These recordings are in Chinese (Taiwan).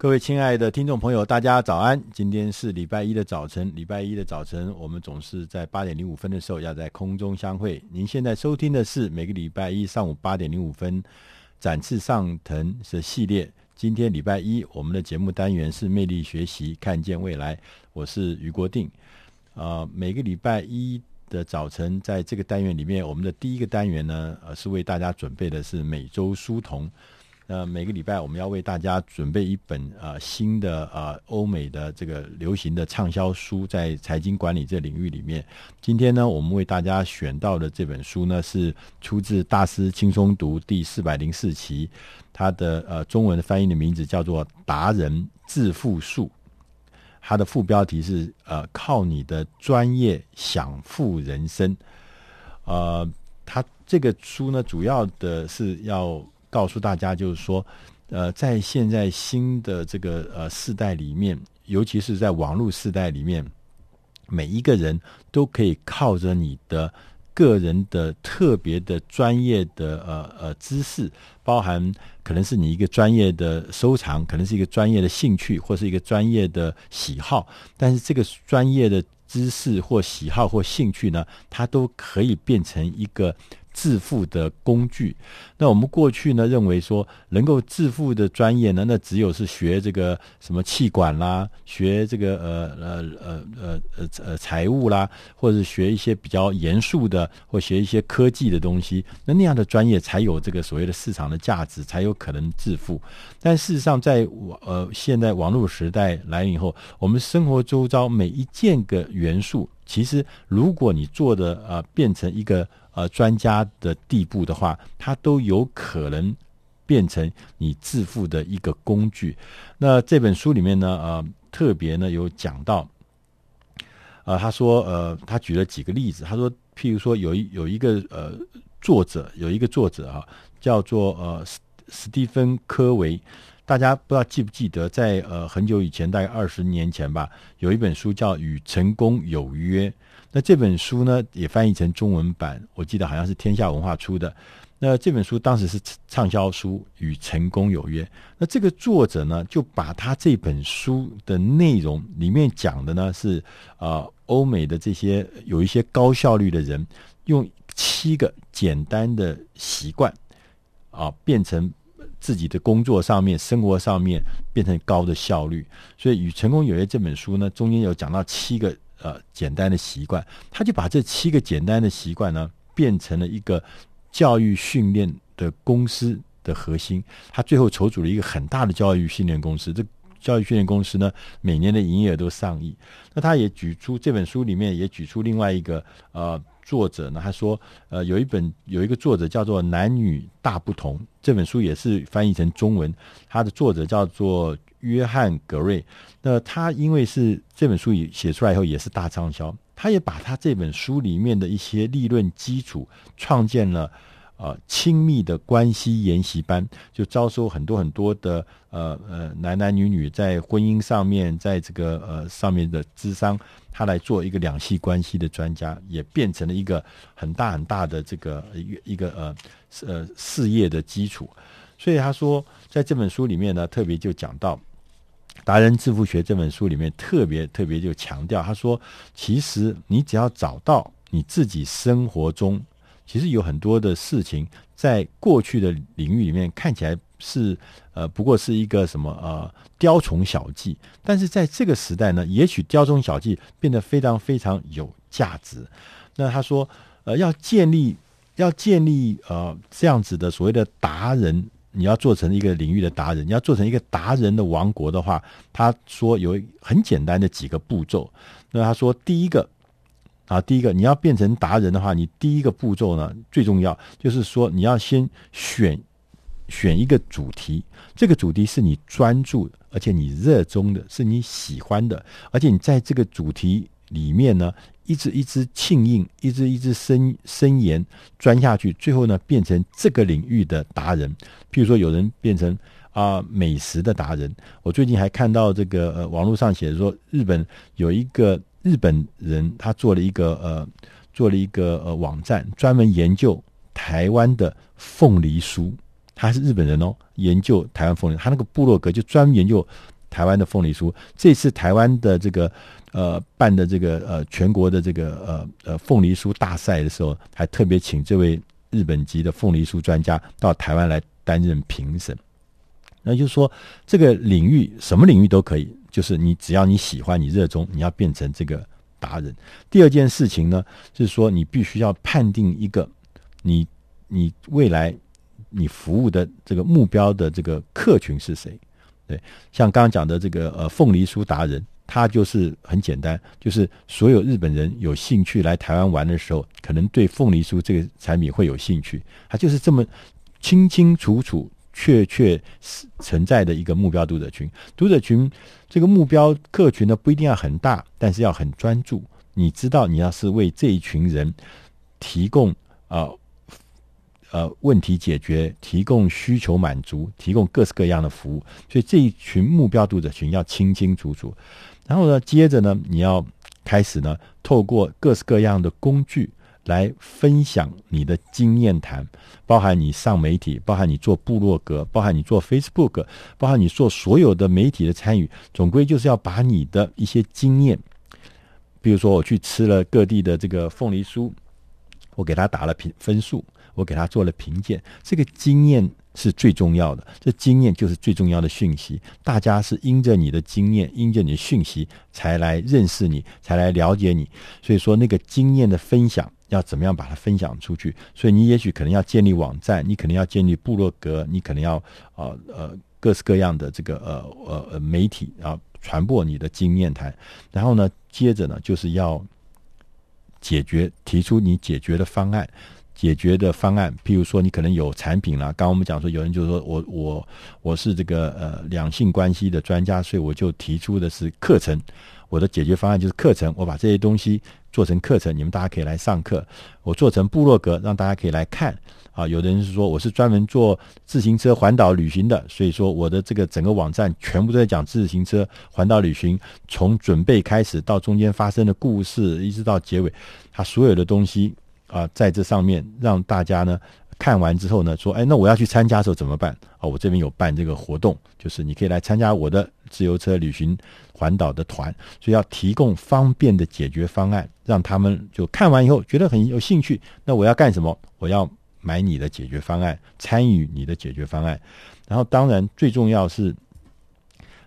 各位親愛的聽眾朋友，大家早安！今天是禮拜一的早晨，禮拜一的早晨，我們總是在八點零五分的時候要在空中相會。您現在收聽的是每個禮拜一上午八點零五分展翅上騰的系列。今天禮拜一，我們的節目單元是魅力學習，看見未來。我是於國定。呃，每個禮拜一的早晨，在這個單元裡面，我們的第一個單元呢，呃，是為大家準備的是每週書童。呃，每個禮拜我們要為大家準備一本啊、呃、新的啊、呃、歐美的這個流行的暢銷書，在財經管理這個領域裡面。今天呢，我們為大家選到的這本書呢，是出自《大師輕鬆讀》第四百零四期，它的呃中文的翻譯的名字叫做《達人致富術》，它的副標題是呃靠你的專業享富人生。呃，它這個書呢，主要的是要。告訴大家，就是說，呃，在現在新的這個呃世代裡面，尤其是在網絡世代裡面，每一個人都可以靠着你的個人的特別的專業的呃呃知識，包含可能是你一個專業的收藏，可能是一個專業的興趣或是一個專業的喜好，但是這個專業的知識或喜好或興趣呢，它都可以變成一個。致富的工具。那我們過去呢，認為說能夠致富的專業呢,那只有是學這個什麼企管啦，學這個呃呃呃呃呃財務啦，或者是學一些比較嚴肅的，或學一些科技的東西。那那樣的專業才有這個所謂的市場的價值，才有可能致富。但事實上在，在網呃現在網絡時代來臨以後，我們生活周遭每一件個元素，其實如果你做的啊、呃，變成一個。呃，專家的地步的話，他都有可能變成你致富的一個工具。那這本書裡面呢，呃，特別呢有講到，呃，他說，呃，他舉了幾個例子，他說，譬如說有，有有一個呃作者，有一個作者啊，叫做呃史蒂芬科維，大家不知道記不記得在，在呃很久以前，大概二十年前吧，有一本書叫《與成功有約》。那這本書呢，也翻譯成中文版，我記得好像是天下文化出的。那這本書當時是暢銷書《與成功有約》。那這個作者呢，就把他這本書的內容裡面講的呢，是、呃、啊，歐美的這些有一些高效率的人，用七個簡單的習慣啊、呃，變成自己的工作上面、生活上面變成高的效率。所以，《與成功有約》這本書呢，中間有講到七個。呃，簡單的習慣，他就把這七個簡單的習慣呢，變成了一個教育訓練的公司的核心。他最後籌組了一個很大的教育訓練公司。這教育訓練公司呢，每年的營業額都上億。那他也舉出這本書裡面也舉出另外一個呃作者呢，他說呃有一本有一個作者叫做《男女大不同》，這本書也是翻譯成中文，他的作者叫做。約翰·格瑞，那他因為是這本書也寫出來以後也是大暢銷，他也把他這本書裡面的一些立論基礎，創建了呃親密的關係研習班，就招收很多很多的呃呃男男女女，在婚姻上面，在這個呃上面的諮商，他來做一個兩性關係的專家，也變成了一個很大很大的這個一個呃呃事業的基礎。所以他說，在這本書裡面呢，特別就講到。達人致富學這本書裡面特別特別就強調，他說，其實你只要找到你自己生活中，其實有很多的事情，在過去的領域裡面看起來是呃不過是一個什麼呃雕蟲小技，但是在這個時代呢，也許雕蟲小技變得非常非常有價值。那他說，呃，要建立要建立呃這樣子的所謂的達人。你要做成一個領域的達人，你要做成一個達人的王國的話，他說有很簡單的幾個步驟。那他說第一個啊，第一個你要變成達人的話，你第一個步驟呢，最重要，就是說你要先選選一個主題，這個主題是你專注的而且你熱衷的，是你喜歡的，而且你在這個主題裡面呢。一直一直慶應，一直一直深深研鑽下去，最後呢變成這個領域的達人。譬如說，有人變成啊、呃、美食的達人。我最近還看到這個呃網絡上寫說，日本有一個日本人，他做了一個呃做了一個呃，一個呃網站，專門研究台灣的鳳梨酥。他是日本人哦，研究台灣鳳梨。他那個部落格就專門研究台灣的鳳梨酥。這次台灣的這個。呃，辦的這個呃全國的這個呃呃鳳梨酥大賽的時候，還特別請這位日本籍的鳳梨酥專家到台灣來擔任評審。那就是說，這個領域什麼領域都可以，就是你只要你喜歡，你熱衷，你要變成這個達人。第二件事情呢，是說你必須要判定一個你你未來你服務的這個目標的這個客群是誰。對，像剛剛講的這個呃鳳梨酥達人。它就是很簡單，就是所有日本人有興趣來台灣玩的時候，可能對鳳梨酥這個產品會有興趣。它就是這麼清清楚楚、確確實實存在的一個目標讀者群。讀者群，這個目標客群呢，不一定要很大，但是要很專注。你知道，你要是為這一群人提供啊。呃呃，問題解決，提供需求滿足，提供各式各樣的服務，所以這一群目標讀者群要清清楚楚。然後呢，接着呢，你要開始呢，透過各式各樣的工具來分享你的經驗談，包含你上媒體，包含你做部落格，包含你做 Facebook，包含你做所有的媒體的參與，總歸就是要把你的一些經驗，比如說我去吃了各地的這個鳳梨酥，我給他打了評分數。我給他做了評鑑，這個經驗是最重要的，這經驗就是最重要的訊息。大家是因着你的經驗，因着你的訊息，才來認識你，才來了解你。所以說，那個經驗的分享要怎麼樣把它分享出去？所以你也許可能要建立網站，你可能要建立部落格，你可能要呃呃各式各樣的這個呃呃媒體啊、呃、傳播你的經驗談。然後呢，接着呢就是要解決，提出你解決的方案。解決的方案，譬如說，你可能有產品啦。剛我們講說，有人就說我我我是這個呃兩性關係的專家，所以我就提出的是課程。我的解決方案就是課程，我把這些東西做成課程，你們大家可以來上課。我做成部落格，讓大家可以來看。啊，有的人是說我是專門做自行車環島旅行的，所以說我的這個整個網站全部都在講自行車環島旅行，從準備開始到中間發生的故事，一直到結尾，它所有的東西。啊、呃，在這上面讓大家呢看完之後呢，說，哎，那我要去參加的時候怎麼辦？啊，我這邊有辦這個活動，就是你可以來參加我的自由車旅行環島的團，所以要提供方便的解決方案，讓他們就看完以後覺得很有興趣。那我要幹什麼？我要買你的解決方案，參與你的解決方案。然後，當然最重要是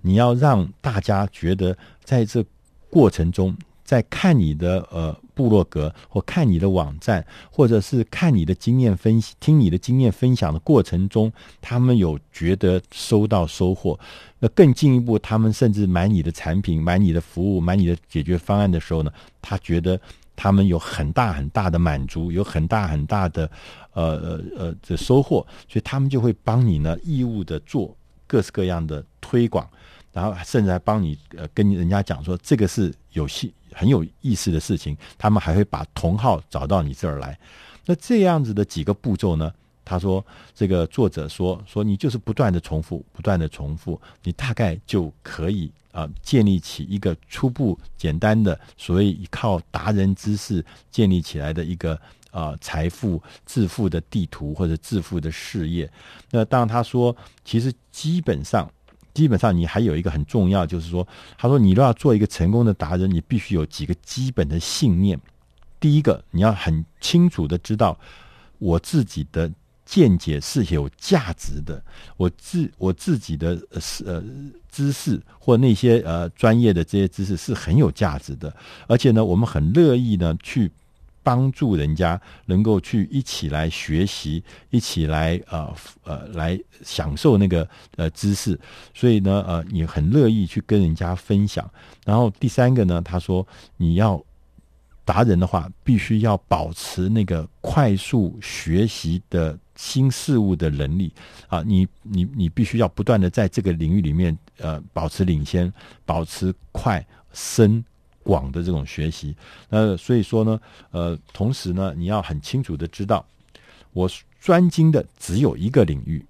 你要讓大家覺得在這過程中，在看你的呃。部落格，或看你的網站，或者是看你的經驗分析。聽你的經驗分享的過程中，他們有覺得收到收穫。那更進一步，他們甚至買你的產品、買你的服務、買你的解決方案的時候呢，他覺得他們有很大很大的滿足，有很大很大的呃呃呃的收穫，所以他們就會幫你呢義務的做各式各樣的推廣，然後甚至還幫你呃跟人家講說這個是有戲。很有意思的事情，他們還會把同號找到你這兒來。那這樣子的幾個步驟呢，他說，這個作者說，說你就是不斷的重複，不斷的重複，你大概就可以啊、呃、建立起一個初步簡單的，所謂靠達人知識建立起來的一個啊、呃、財富致富的地圖或者致富的事業。那當然他說，其實基本上。基本上，你還有一個很重要，就是說，他說你都要做一個成功的達人，你必須有幾個基本的信念。第一個，你要很清楚的知道，我自己的見解是有價值的，我自我自己的是呃知識或那些呃專業的這些知識是很有價值的，而且呢，我們很樂意呢去。幫助人家能夠去一起來學習，一起來呃呃來享受那個呃知識，所以呢呃你很樂意去跟人家分享。然後第三個呢，他說你要達人的話，必須要保持那個快速學習的新事物的能力啊。呃，你你你必須要不斷的在這個領域裡面呃保持領先，保持快深。廣的這種學習，那所以說呢，呃，同時呢，你要很清楚的知道，我專精的只有一個領域，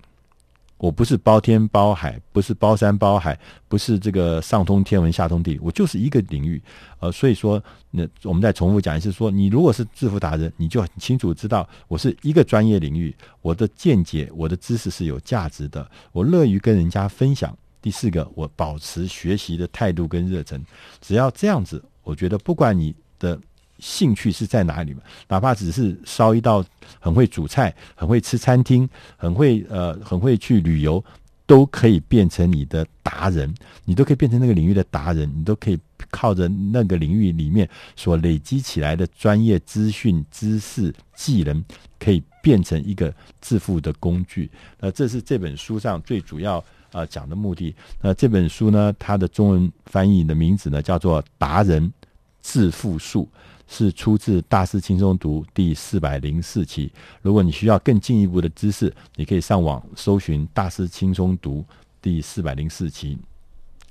我不是包天包海，不是包山包海，不是這個上通天文下通地理，我就是一個領域。呃，所以說，那我們再重複講一次，說你如果是致富達人，你就很清楚知道，我是一個專業領域，我的見解、我的知識是有價值的，我樂於跟人家分享。第四個，我保持學習的態度跟熱忱。只要這樣子，我覺得不管你的興趣是在哪裡嘛，哪怕只是燒一道，很會煮菜、很會吃餐廳、很會呃，很會去旅遊，都可以變成你的達人。你都可以變成那個領域的達人。你都可以靠着那個領域裡面所累積起來的專業資訊、知識、技能，可以變成一個致富的工具。那這是這本書上最主要，啊、呃，講的目的。那這本書呢，它的中文翻譯的名字呢，叫做《達人致富術》，是出自《大師輕鬆讀》第四百零四期。如果你需要更進一步的知識，你可以上網搜尋《大師輕鬆讀》第四百零四期。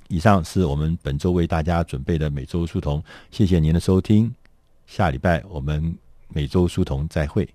以上是我們本周為大家準備的每周書童，謝謝您的收聽。下禮拜我們每周書童再會。